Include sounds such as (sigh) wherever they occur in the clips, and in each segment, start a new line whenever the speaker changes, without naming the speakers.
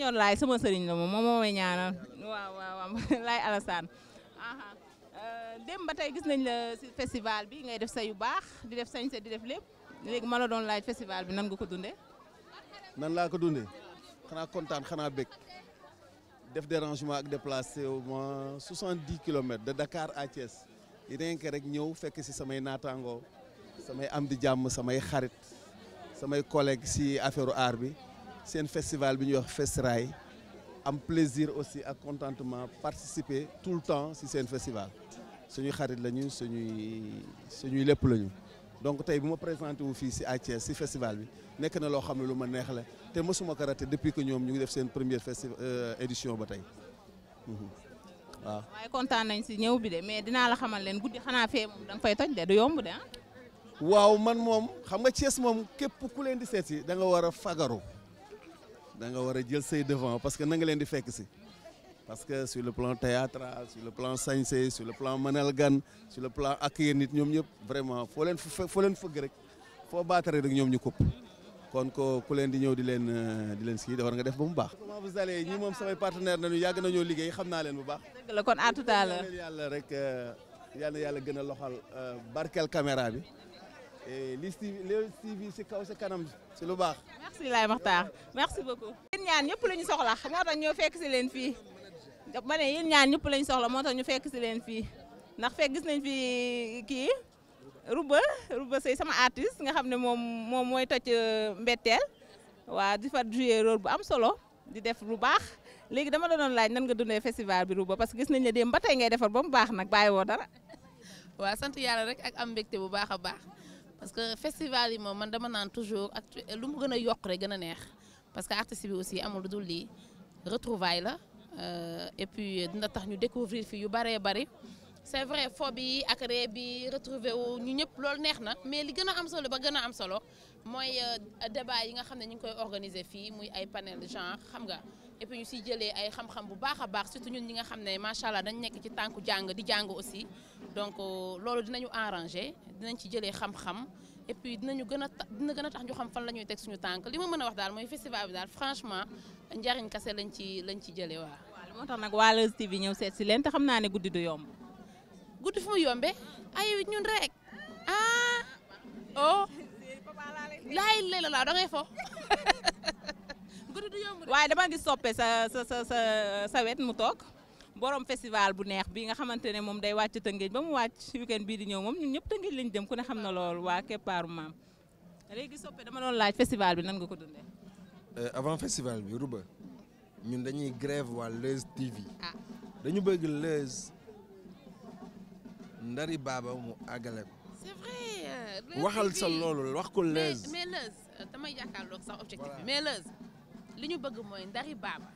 ñor laay sama sëriñ la moom moom moo may waaw waaw (laughs) laay Alassane euh, dem ba tey gis nañ la si festival bi ngay def sa yu baax di def sañ sañse di def lépp léegi ma la doon laaj festival bi nan nga ko dundee.
nan laa ko dundee xanaa kontaan xanaa bég def dérangement ak déplacé au moins 70 kilomètres de Dakar à Thiès rek ñëw fekk si samay naataangoo samay am di jàmm samay xarit samay collègues si affaire art bi. seen festival bi ñuy wax Fesrail am plaisir aussi ak contentement participer tout le temps si seen festival suñu xarit lañu suñuy suñuy lépp lañu donc tey bu ma présenté wu fii si à Thiès si festival bi nekk na loo xam ne lu ma neex la te mosuma ko raté depuis que ñoom ñu ngi def seen première festi euh, édition ba tey mhm. waaw.
waaye kontaan nañ si ñëw bi de mais dinaa la xamal leen guddi xanaa fee moom da nga fay toj de du yomb ah.
waaw man moom xam nga Thiès moom képp ku leen di seet si da nga war a fagaru. da war a jël say devant parce que na nga leen di fekk si parce que sur le plan théâtral sur le plan sañse sur le plan mënal gan sur le plan accueillir nit ñoom ñëpp vraiment foo leen foo leen fëgg rek foo baatare rek ñoom ñu kupp kon ko ku leen di ñëw di leen euh, di leen si war nga def ba mu baax. comment vous allez ñi moom samay partenaire nañu yàgg nañoo liggéey xam naa leen bu baax. dëgg la kon à rek euh, yàlla yàlla gën a loxal euh, barkeel caméra bi. li si li si si kaw si kanam si lu baax. merci Laye Makhtar
merci beaucoup. yéen ñaan ñëpp la ñu soxla moo tax ñoo fekk si leen fii ma ne ñaan ñëpp la ñu soxla moo tax ñu fekk si leen fii ndax fekk gis nañ fi kii Rouba Rouba Seye sama artiste nga xam ne moom moom mooy toj euh, mbetteel waa di fa jouer rôle bu am solo di def lu baax léegi dama la doon laaj nan nga dundee festival bi Rouba parce que gis nañ ne démb ba tey ngay defar ba mu baax nag bàyyi woo dara.
waa sant yàlla rek ak am mbégte bu baax a baax. parce que festival yi moom man dama naan toujours ak lu mu gën a yokku rek gën a neex parce que artiste bi aussi amul lu dul lii retrouvaille la euh, et puis dina tax ñu découvrir fi yu bëree bari c'est vrai fo bi ak ree bi retrouver woo ñu ñëpp loolu neex na mais li gën a am solo ba gën a am solo mooy euh, débat yi nga xam ne ñu ngi koy organiser fii muy ay panel genre xam nga et puis ñu siy jëlee ay xam-xam bu baax a baax surtout ñun ñi nga xam ne macha allah dañ nekk ci tànku jàng di jàng aussi donc euh, loolu dinañu arranger dinañ ci jëlee xam-xam et puis gën a dina gën a tax ñu xam fan la ñuy teg suñu tànk li ma mën a wax daal mooy festival bi daal franchement njariñ kase lañ ci lañ ci jëlee waaw.
moo tax nag waa Leuz bi ñëw seet si leen te xam naa ne guddi du yomb.
guddi fu mu yombee ay ñun rek ah oh laay lay la laa da ngay fo.
(laughs) guddi du yomb waaye dama gis soppe sa sa sa sa wet mu toog. borom festival bu neex bi nga xamante ne moom day wàcc Tëngéej ba mu wàcc weekend bii di ñëw moom ñun ñëpp Tëngéej lañ jëm ku na lool waa Keppaaru Maam léegi soppe dama doon laaj festival bi nan nga ko dundee.
Euh, avant festival bi Rouba ñun dañuy grève waa Leuz TV. Ah. dañu bëgg Leuz ndari baaba mu àggale
euh, waxal sa loolu wax ko Leuz. mais euh, damay jàkkaarloog mais Leuz li ñu bëgg mooy ndari baaba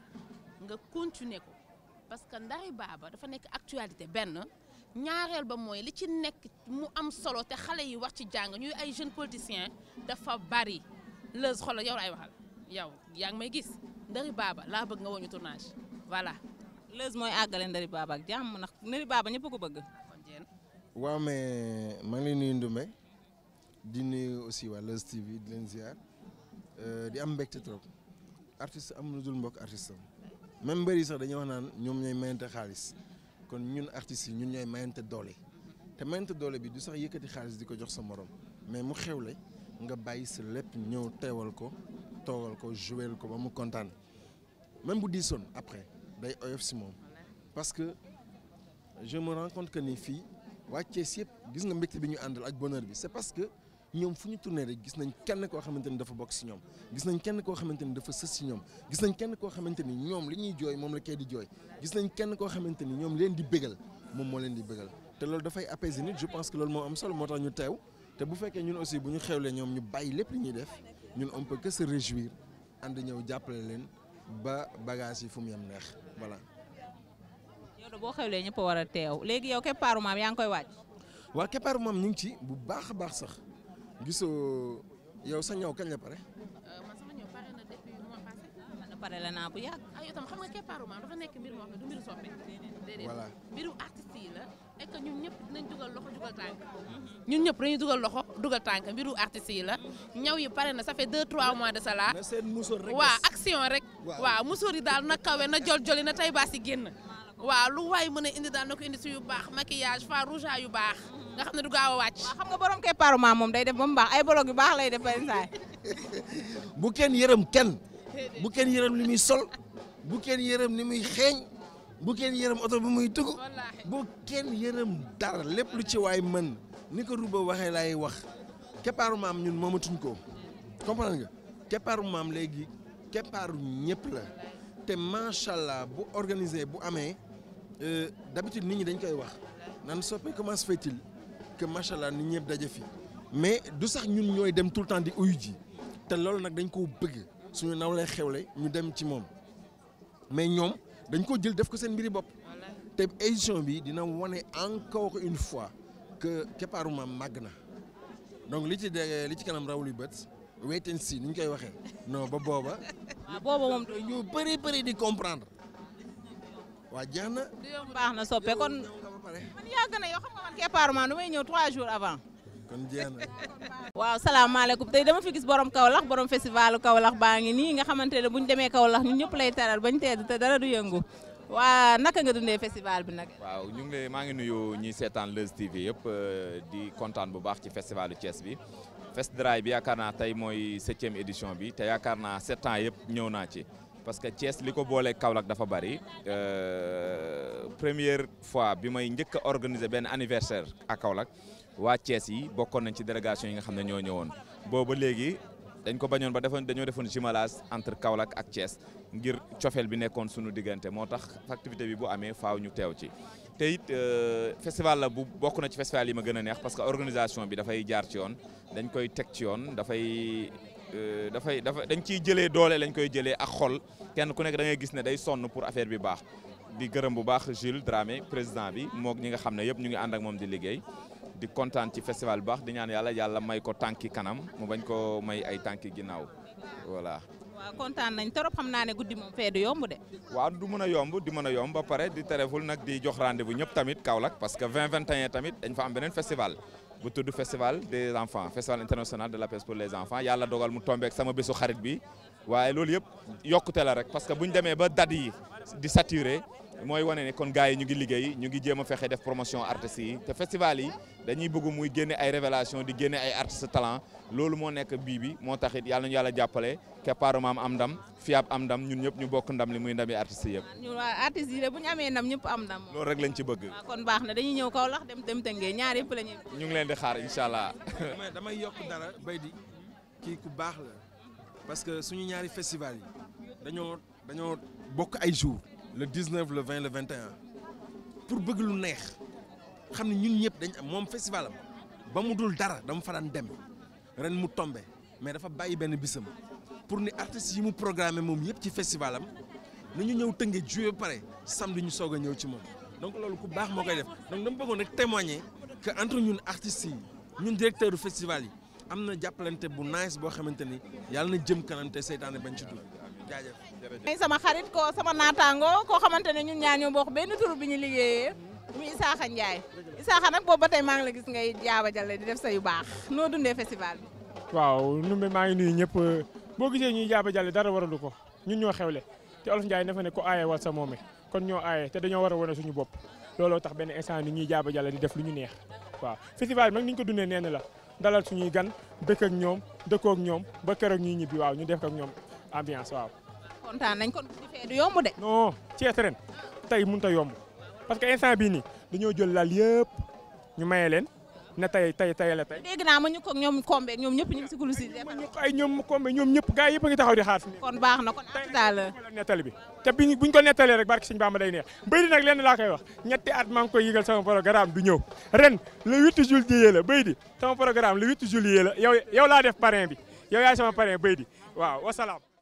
nga continuer parce que Ndari Baba dafa nekk actualité benn ñaareel ba mooy li ci nekk mu am solo te xale yi wax ci jàng ñuy ay jeunes politiciens dafa bari Leuz xoolal yow ay waxal yow yaa ngi may gis Ndari Baba laa bëgg nga woñu tournage voilà. Leuz mooy àggale
Ndari Baba ak jàmm ndax Ndari Baba ñëpp ko bëgg.
waaw mais maa ngi lay nuyu Ndumbé di nuyu aussi waa Leuz TV di leen ziar euh, di am mbégte trop artiste am na dul mbokk artiste am même mbër yi sax dañuy wax naan ñoom ñooy mayante xaalis kon ñun artistes yi ñun ñooy mayante doole te mayante doole bi du sax yëkkati xaalis di ko jox sa morom mais mu xewle nga bàyyi sa lépp ñëw teewal ko toogal ko jouer ko ba mu kontaan même bu diisoon après day oyof si moom parce que je me rends compte que ni fii waa si yëpp gis nga mbégte bi ñu àndal ak bonheur bi c'est parce que ñoom fu ñu tourné rek gis nañ kenn koo xamante ni dafa bokk si ñoom gis nañ kenn koo xamante ni dafa sës si ñoom gis nañ kenn koo xamante ni ñoom li ñuy jooy moom la kay di jooy gis nañ kenn koo xamante ni ñoom leen di bégal moom moo leen di bégal te loolu dafay apaiser nit je pense que loolu moo am solo moo tax ñu teew te bu fekkee ñun aussi bu ñu xewlee ñoom ñu bàyyi lépp li ñuy def ñun on peut que se réjouir ñëw jàppale leen ba bagage yi fu mu yem neex voilà.
yow de boo xewlee ñëpp war a teew léegi yow keppaaru maam yaa ngi koy waaj.
waa keppaaru maam ñu ngi ci bu baax a baax sax gisoo yow sa ñëw kañ la pare. Euh, man
sama ñëw pare na
depuis mois passé. man
pare la naa bu ah,
tam xam nga keppaaru maam dafa nekk mbir moo xam ne du mbiru soppi. déedéet voilà mbiru artistes la. et mhm. dugal loxo dugal tànk. mbiru artistes la. Mhm. ñaw yi pare na ça fait 2 mois de ça là. na seen musóor rek waaw action musóor yi daal na kawe na jol joli na tey baas yi génn. waaw lu waay mën a indi daal na indi si yu baax maquillage fard rouge yu baax nga xam ne du gaaw a wàcc. xam nga borom
Kepaaroumaa moom day def ba mu baax ay bolog yu baax lay def benn (laughs)
bu kenn yërëm kenn bu kenn yërëm li muy sol bu kenn yërëm ni muy xeeñ bu ken yërëm oto bi muy tugg bu kenn yërëm dara lépp lu ci waay mën ni ko Rouba waxee lay wax keppaaru maam ñun moomatuñ ko comprendre nga keppaaru maam léegi keppaaru ñëpp la te macha allah bu organisé bu amee. Euh, d'habitude nit ñi dañ koy wax naan Sopé comment se fait-il que macha allah nit ñëpp daje fi mais du sax ñun ñooy dem tout le temps di uyu ji te loolu nag dañ koo bëgg suñu naw lay xewle ñu dem ci moom mais ñoom dañ ko jël def ko seen mbiri bopp te édition bi dina wane encore une fois que keppaaru maam màgg na donc li ci de li ci kanam raw lu bët wait and see koy waxee noo ba booba. waaw (laughs) ah, booba moom ñu bëri bëri di comprendre. waa jeex
du yomb baax na soppe kon. man na yow xam nga man keppaarumaan damay ñëw trois jours avant. kon jeex na. waaw salaamaaleykum tey dama fi gis borom kawlax borom festival Kaolack baa ngi nii nga xamante ne bu ñu demee Kaolack ñun ñëpp lay taral bañ tedd te dara du yëngu. waa naka nga dundee festival bi nag.
waaw ñu ngi lay maa ngi nuyu ñiy seetaan Leuz TV yëpp euh, di kontaan bu baax ci festivalu Thiès bi Fest Dry bi yaakaar naa tey mooy septième édition bi te yaakaar naa sept ans yëpp ñëw naa ci. parce que Thiès li ko boolee Kaolack dafa bari euh, première fois bi may njëkk a organiser benn anniversaire ak Kaolack waa cees yi bokkoon nañ ci délégation yi nga xam ne ñoo ñëwoon booba léegi dañ ko bañoon ba defoon dañoo defoon jumelage entre Kaolack ak Thiès ngir cofeel bi nekkoon sunu diggante moo tax activité bi bu amee faaw ñu teew ci te it euh, festival la bu bokk na ci festival yi ma gën a neex parce que organisation bi dafay jaar ci yoon dañ koy teg ci yoon dafay Euh, dafay dafa dañ ciy jëlee doole lañ koy jëlee ak xol kenn ku nekk da gis ne day sonn pour affaire bi baax di gërëm bu baax Jules Dramé président bi moog ñi nga xam ne yëpp ñu ngi àndak ak moom di liggéey di kontaan ci festival bu baax di ñaan yàlla yàlla may ko tànki kanam mu bañ ko may ay tànki ginnaaw voilà
waaw kontaan nañ trop xam naa ne guddi moom yomb de.
waaw du mën a yomb di mën a yomb pare di tereful nag di jox rendez-vous ñëpp tamit Kaolack parce que vingt vingt 2021 tamit dañ fa am beneen festival. bu tudd festival des enfants festival international de la pêche pour les enfants yàlla dogal mu tombeek sama bésu xarit bi waaye loolu yëpp yokkute rek parce que bu ñu demee ba date yi di saturé mooy wane ne kon gars yi ñu ngi liggéey ñu ngi jéem a fexe def promotion artistes yi te festival yi dañuy bëgg muy génne ay révélation di génne ay artistes talent loolu moo nekk bii bi moo tax it yàlla yàlla jàppale keppaaru maam am ndam fiab am ndam ñun ñëpp ñu bokk ndam li muy ndami artistes yëpp.
ñun waa artistes yi bu ñu amee ndam ñëpp am ndam. loolu
rek lañ ci bëgg. waaw
kon baax na dañuy ñëw Kaolack dem dem Tëngéej ñaar yëpp la ñuy.
ñu ngi leen di xaar incha allah.
damay yokk dara bay di kii ku baax la parce que suñu ñaari festival yi dañoo dañoo bokk ay jours le 19 le 20 le 21 pour bëgg lu neex xam ne ñun ñëpp dañ am moom festival ba mu dul dara dama fa daan dem ren mu tombe mais dafa bàyyi benn bisam pour ni artistes yi mu programmé moom yëpp ci festival am ñu ñëw tënge joué ba pare samedi ñu soog a ñëw ci moom donc loolu ku baax moo koy def donc dama bëggoon rek témoigner que entre ñun artistes yi ñun directeur du festival yi am na jàppalante bu nice boo xamante ni yàlla na jëm kanam te seytaane bañ ci dugg jërëjëf
sama xarit ko sama naataango koo xamante ne ñun ñaa ñoo bokk benn tur bi ñu liggéeyee muy Isaaxa Ndiaye Isaaxa nag boobu ba tey maa ngi la gis ngay jaaba jale di def sa yu baax noo dundee festival
bi waaw numbe maa ngi nuyu ñëpp boo gisee ñuy jaaba jale dara waralu ko ñun ñoo xewle te olof Ndiaye dafa ne ko aaye wal sa moome kon ñoo aaye te dañoo war a wane suñu bopp looloo tax benn instant ni ñuy jaaba jale di def lu ñu neex waaw festival bi nag ñu ko dundee neen la dalal suñuy gan dëkk ak ñoom dëkkook ñoom ba keroog ñuy ñibbi waaw ñu def ak ñoom ambiance waaw
kontaan nañ kon bu fee du yomb de.
non Thiès ren tey mënut a yomb parce que instant bii nii dañoo jël lal yëpp ñu maye na tey tey tey la tey.
dégg naa ma ñu ñëpp ñu ngi si gulu a ngi taxaw kon baax na kon en tout à l' heure. nettali bi te biñ buñ ko nettalee rek barki Sëñ Bamba day neex Béy nag lenn laa
koy wax ñetti at maa ngi koy yëgal sama programme du ñëw ren le 8 juillet la Béy di sama programme le 8 juillet la yow yow laa def parrain bi yow yaay sama parrain Béy waaw wasalaam